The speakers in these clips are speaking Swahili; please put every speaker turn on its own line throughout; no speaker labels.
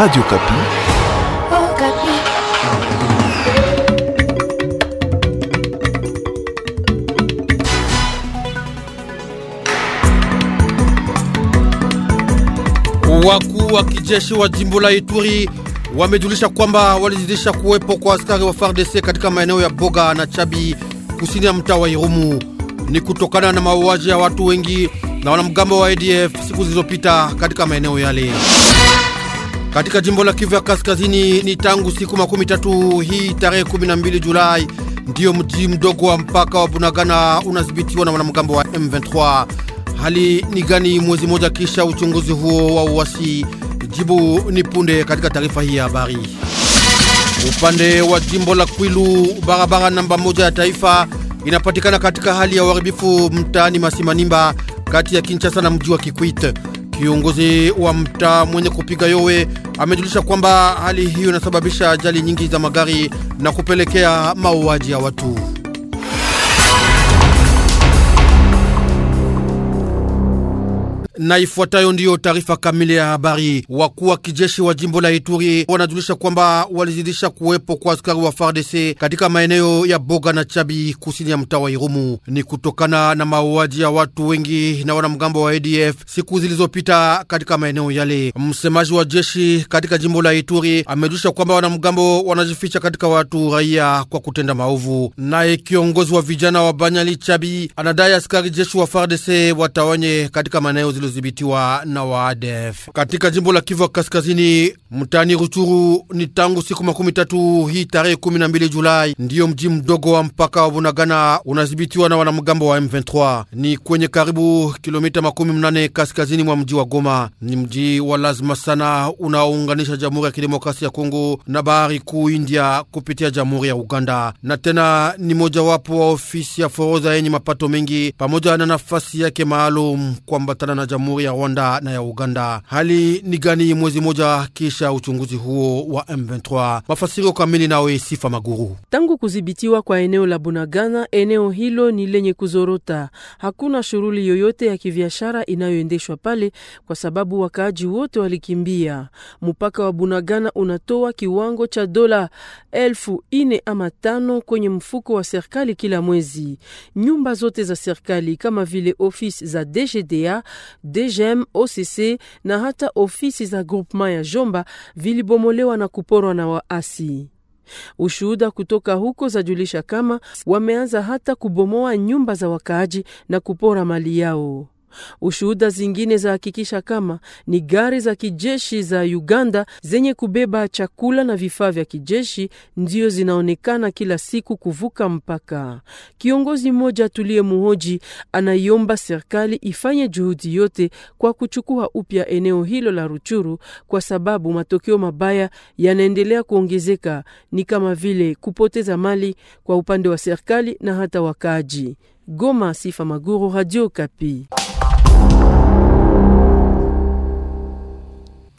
Radio Kapi.
Oh, Kapi.
Wakuu wa kijeshi wa jimbo la Ituri wamejulisha kwamba walizidisha kuwepo kwa askari wa FARDC katika maeneo ya Boga na Chabi kusini ya mtaa wa Irumu. Ni kutokana na mauaji ya watu wengi na wanamgambo wa ADF siku zilizopita katika maeneo yale katika jimbo la Kivu ya Kaskazini ni tangu siku makumi tatu hii tarehe 12 Julai ndiyo mji mdogo wa mpaka wa Bunagana unadhibitiwa na wanamgambo wa M23. Hali ni gani mwezi moja kisha uchunguzi huo wa uwasi Jibu ni punde katika taarifa hii ya habari. Upande wa jimbo la Kwilu, barabara namba moja ya taifa inapatikana katika hali ya uharibifu mtaani Masimanimba, kati ya Kinshasa na mji wa Kikwit. Kiongozi wa mtaa mwenye kupiga yowe amejulisha kwamba hali hiyo inasababisha ajali nyingi za magari na kupelekea mauaji ya watu. na ifuatayo ndiyo taarifa kamili ya habari. Wakuu wa kijeshi wa jimbo la Ituri wanajulisha kwamba walizidisha kuwepo kwa askari wa FARDC katika maeneo ya Boga na Chabi kusini ya mtaa wa Irumu. Ni kutokana na mauaji ya watu wengi na wanamgambo wa ADF siku zilizopita katika maeneo yale. Msemaji wa jeshi katika jimbo la Ituri amejulisha kwamba wanamgambo wanajificha katika watu raia kwa kutenda maovu. Naye kiongozi wa vijana wa Banyali Chabi anadai askari jeshi wa FARDC watawanye katika maeneo zilizo zilizodhibitiwa na waadef katika jimbo la Kivu Kaskazini, mtani Ruchuru. Ni tangu siku makumi tatu hii tarehe 12 Julai ndiyo mji mdogo wa mpaka wa Bunagana unadhibitiwa na wanamgambo wa M23. Ni kwenye karibu kilomita makumi mnane kaskazini mwa mji wa Goma. Ni mji wa lazima sana unaounganisha Jamhuri ya Kidemokrasia ya Kongo na bahari kuu India kupitia Jamhuri ya Uganda, na tena ni mojawapo wa ofisi ya forodha yenye mapato mengi pamoja na nafasi yake maalum kuambatana na jamhuri ya Rwanda na ya Uganda. Hali ni gani mwezi moja kisha uchunguzi huo wa M23? Mafasirio kamili nawe Sifa
Maguru. Tangu kudhibitiwa kwa eneo la Bunagana, eneo hilo ni lenye kuzorota. Hakuna shughuli yoyote ya kibiashara inayoendeshwa pale kwa sababu wakaaji wote walikimbia. Mpaka wa Bunagana unatoa kiwango cha dola elfu ine ama tano kwenye mfuko wa serikali kila mwezi. Nyumba zote za serikali kama vile ofisi za DGDA DGM, OCC na hata ofisi za groupema ya Jomba vilibomolewa na kuporwa na waasi. Ushuhuda kutoka huko zajulisha kama wameanza hata kubomoa nyumba za wakaaji na kupora mali yao. Ushuhuda zingine zahakikisha kama ni gari za kijeshi za Uganda zenye kubeba chakula na vifaa vya kijeshi ndiyo zinaonekana kila siku kuvuka mpaka. Kiongozi mmoja muhoji anaiomba serikali ifanye juhudi yote kwa kuchukua upya eneo hilo la Ruchuru kwa sababu matokeo mabaya yanaendelea kuongezeka, ni kama vile kupoteza mali kwa upande wa serikali na hata wakaaji. Goma, Sifa Maguru, Radio Kapi.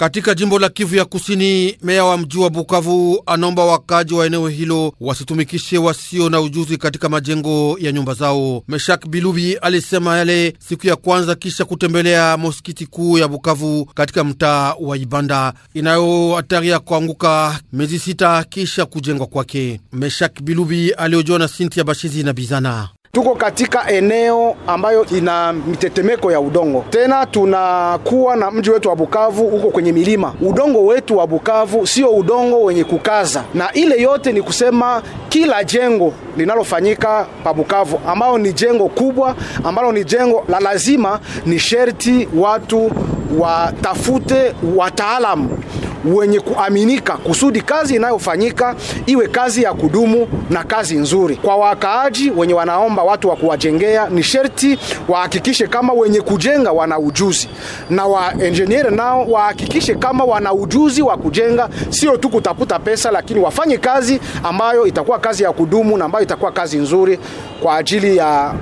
Katika jimbo la Kivu ya Kusini, meya wa mji wa Bukavu anaomba wakaji wa eneo hilo wasitumikishe wasio na ujuzi katika majengo ya nyumba zao. Meshak Bilubi alisema yale siku ya kwanza kisha kutembelea mosikiti kuu ya Bukavu katika mtaa wa Ibanda inayo hatari ya kuanguka miezi sita kisha kujengwa kwake. Meshak Bilubi aliojiwa na Sinti ya Bashizi na Bizana.
Tuko katika eneo ambayo ina mitetemeko ya udongo, tena tunakuwa na mji wetu wa Bukavu huko kwenye milima. Udongo wetu wa Bukavu sio udongo wenye kukaza, na ile yote ni kusema kila jengo linalofanyika pa Bukavu ambalo ni jengo kubwa, ambalo ni jengo la lazima, ni sherti watu watafute wataalamu wenye kuaminika kusudi kazi inayofanyika iwe kazi ya kudumu na kazi nzuri. Kwa wakaaji wenye wanaomba watu wa kuwajengea, ni sherti wahakikishe kama wenye kujenga wana ujuzi, na engineer nao wahakikishe kama wana ujuzi wa kujenga, sio tu kutafuta pesa, lakini wafanye kazi ambayo itakuwa kazi ya kudumu na ambayo itakuwa kazi nzuri kwa ajili ya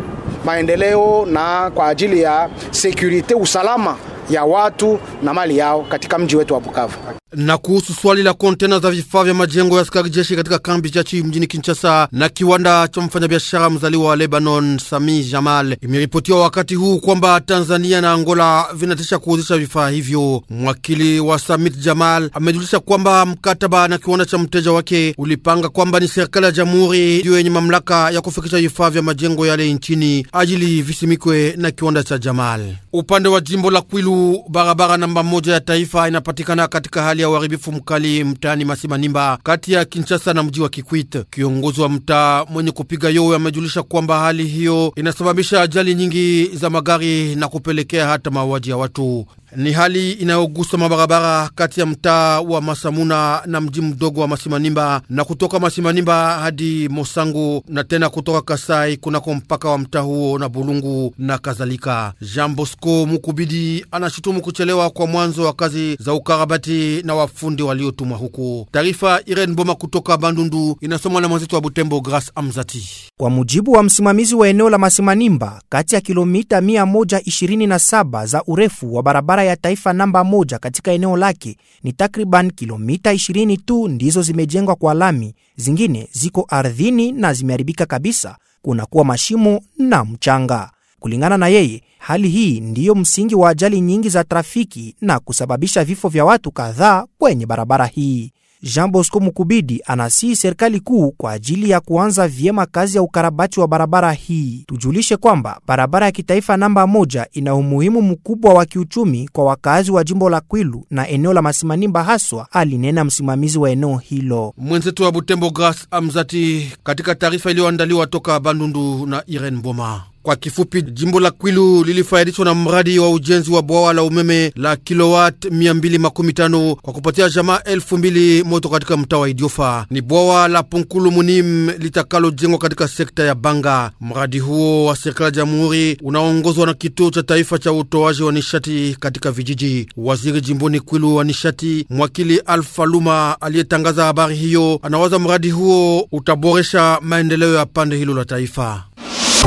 maendeleo na kwa ajili ya security, usalama ya watu na mali yao katika mji wetu wa Bukavu
na kuhusu swali la kontena za vifaa vya majengo ya askari jeshi katika kambi chachi mjini Kinshasa na kiwanda cha mfanyabiashara mzaliwa wa Lebanon Sami Jamal, imeripotiwa wakati huu kwamba Tanzania na Angola vinatisha kuuzisha vifaa hivyo. Mwakili wa Samit Jamal amejulisha kwamba mkataba na kiwanda cha mteja wake ulipanga kwamba ni serikali ya jamhuri ndiyo yenye mamlaka ya kufikisha vifaa vya majengo yale nchini ajili visimikwe na kiwanda cha Jamal. Upande wa jimbo la Kwilu, barabara namba moja ya taifa inapatikana katika hali hali ya uharibifu mkali mtaani Masimanimba, kati ya Kinshasa na mji wa Kikwit. Kiongozi wa mtaa mwenye kupiga yowe amejulisha kwamba hali hiyo inasababisha ajali nyingi za magari na kupelekea hata mauaji ya watu. Ni hali inayogusa mabarabara kati ya mtaa wa Masamuna na mji mdogo wa Masimanimba na kutoka Masimanimba hadi Mosango na tena kutoka Kasai kunako mpaka wa mtaa huo na Bulungu na kadhalika. Jean Bosco Mukubidi anashutumu kuchelewa kwa mwanzo wa kazi za ukarabati na wafundi waliotumwa huku Taarifa Irene Boma kutoka Bandundu inasomwa na mwenzetu wa Butembo Grace Amzati. Kwa mujibu wa msimamizi wa eneo la Masimanimba, kati ya kilomita 127 za urefu wa barabara barabara ya taifa namba moja katika eneo lake ni takriban kilomita 20 tu ndizo zimejengwa kwa lami, zingine ziko ardhini na zimeharibika kabisa, kunakuwa mashimo na mchanga. Kulingana na yeye, hali hii ndiyo msingi wa ajali nyingi za trafiki na kusababisha vifo vya watu kadhaa kwenye barabara hii. Jean Bosco Mukubidi anasihi serikali kuu kwa ajili ya kuanza vyema kazi ya ukarabati wa barabara hii. Tujulishe kwamba barabara ya kitaifa namba moja ina umuhimu mkubwa wa kiuchumi kwa wakazi wa jimbo la Kwilu na eneo la Masimanimba haswa, alinena msimamizi wa eneo hilo mwenzetu wa Butembo gras Amzati katika taarifa iliyoandaliwa toka Bandundu na Irene Boma. Kwa kifupi, jimbo la Kwilu lilifaidishwa na mradi wa ujenzi wa bwawa la umeme la kilowat 250 kwa kupatia jamaa elfu mbili moto katika mtaa wa Idiofa. Ni bwawa la Punkulu Munim litakalojengwa katika sekta ya Banga. Mradi huo wa serikali ya jamhuri unaongozwa na kituo cha taifa cha utoaji wa nishati katika vijiji. Waziri jimboni Kwilu wa nishati mwakili Alfa Luma aliyetangaza habari hiyo anawaza mradi huo utaboresha maendeleo ya pande hilo la taifa.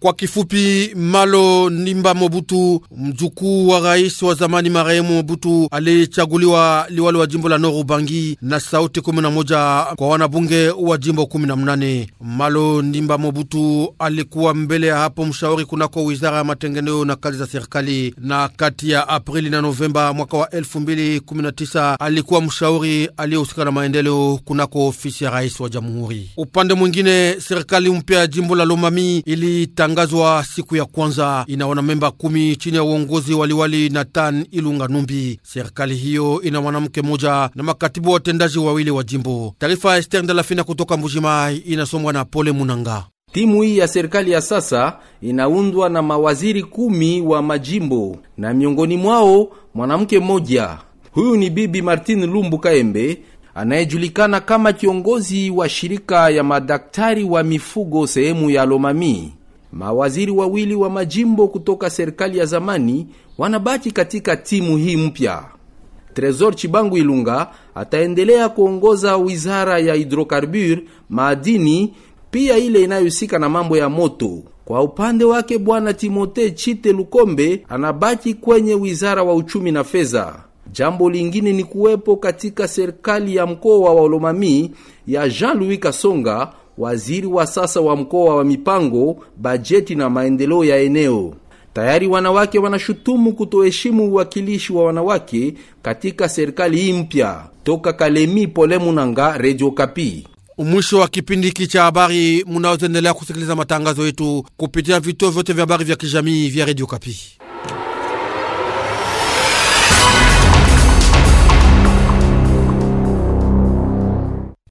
Kwa kifupi, Malo Ndimba Mobutu, mjukuu wa rais wa zamani marehemu Mobutu, alichaguliwa liwali wa jimbo la Noru Ubangi na sauti 11 kwa wanabunge wa jimbo 18. Malo Ndimba Mobutu alikuwa mbele ya hapo mshauri kunako wizara ya matengenezo na kazi za serikali, na kati ya Aprili na Novemba mwaka wa 2019 alikuwa mshauri aliyehusika na maendeleo kunako ofisi ya rais wa jamhuri. Upande mwingine, serikali mpya ya jimbo la Lomami ili ilitangazwa siku ya kwanza, ina wanamemba kumi chini ya uongozi waliwali Nathan Ilunga Numbi. Serikali hiyo ina mwanamke moja na makatibu watendaji wawili wa jimbo. Taarifa ya Ester Ndalafina kutoka Mbujimai inasomwa na Pole Munanga. Timu hii ya
serikali ya sasa inaundwa na mawaziri kumi wa majimbo na miongoni mwao mwanamke mmoja. Huyu ni Bibi Martin Lumbu Kaembe anayejulikana kama kiongozi wa shirika ya madaktari wa mifugo sehemu ya Lomami. Mawaziri wawili wa majimbo kutoka serikali ya zamani wanabaki katika timu hii mpya. Tresor Chibangu Ilunga ataendelea kuongoza wizara ya hidrokarbur, maadini, pia ile inayohusika na mambo ya moto. Kwa upande wake, bwana Timote Chite Lukombe anabaki kwenye wizara wa uchumi na fedha. Jambo lingine ni kuwepo katika serikali ya mkoa wa Olomami ya Jean Louis Kasonga waziri wa sasa wa mkoa wa mipango, bajeti na maendeleo ya eneo. Tayari wanawake wanashutumu kutoheshimu uwakilishi wa wanawake katika serikali hii mpya. Toka Kalemi, Pole Munanga, redio Kapi.
Mwisho wa kipindi hiki cha habari, munaweza endelea kusikiliza matangazo yetu kupitia vituo vyote vya habari vya kijamii vya redio Kapi.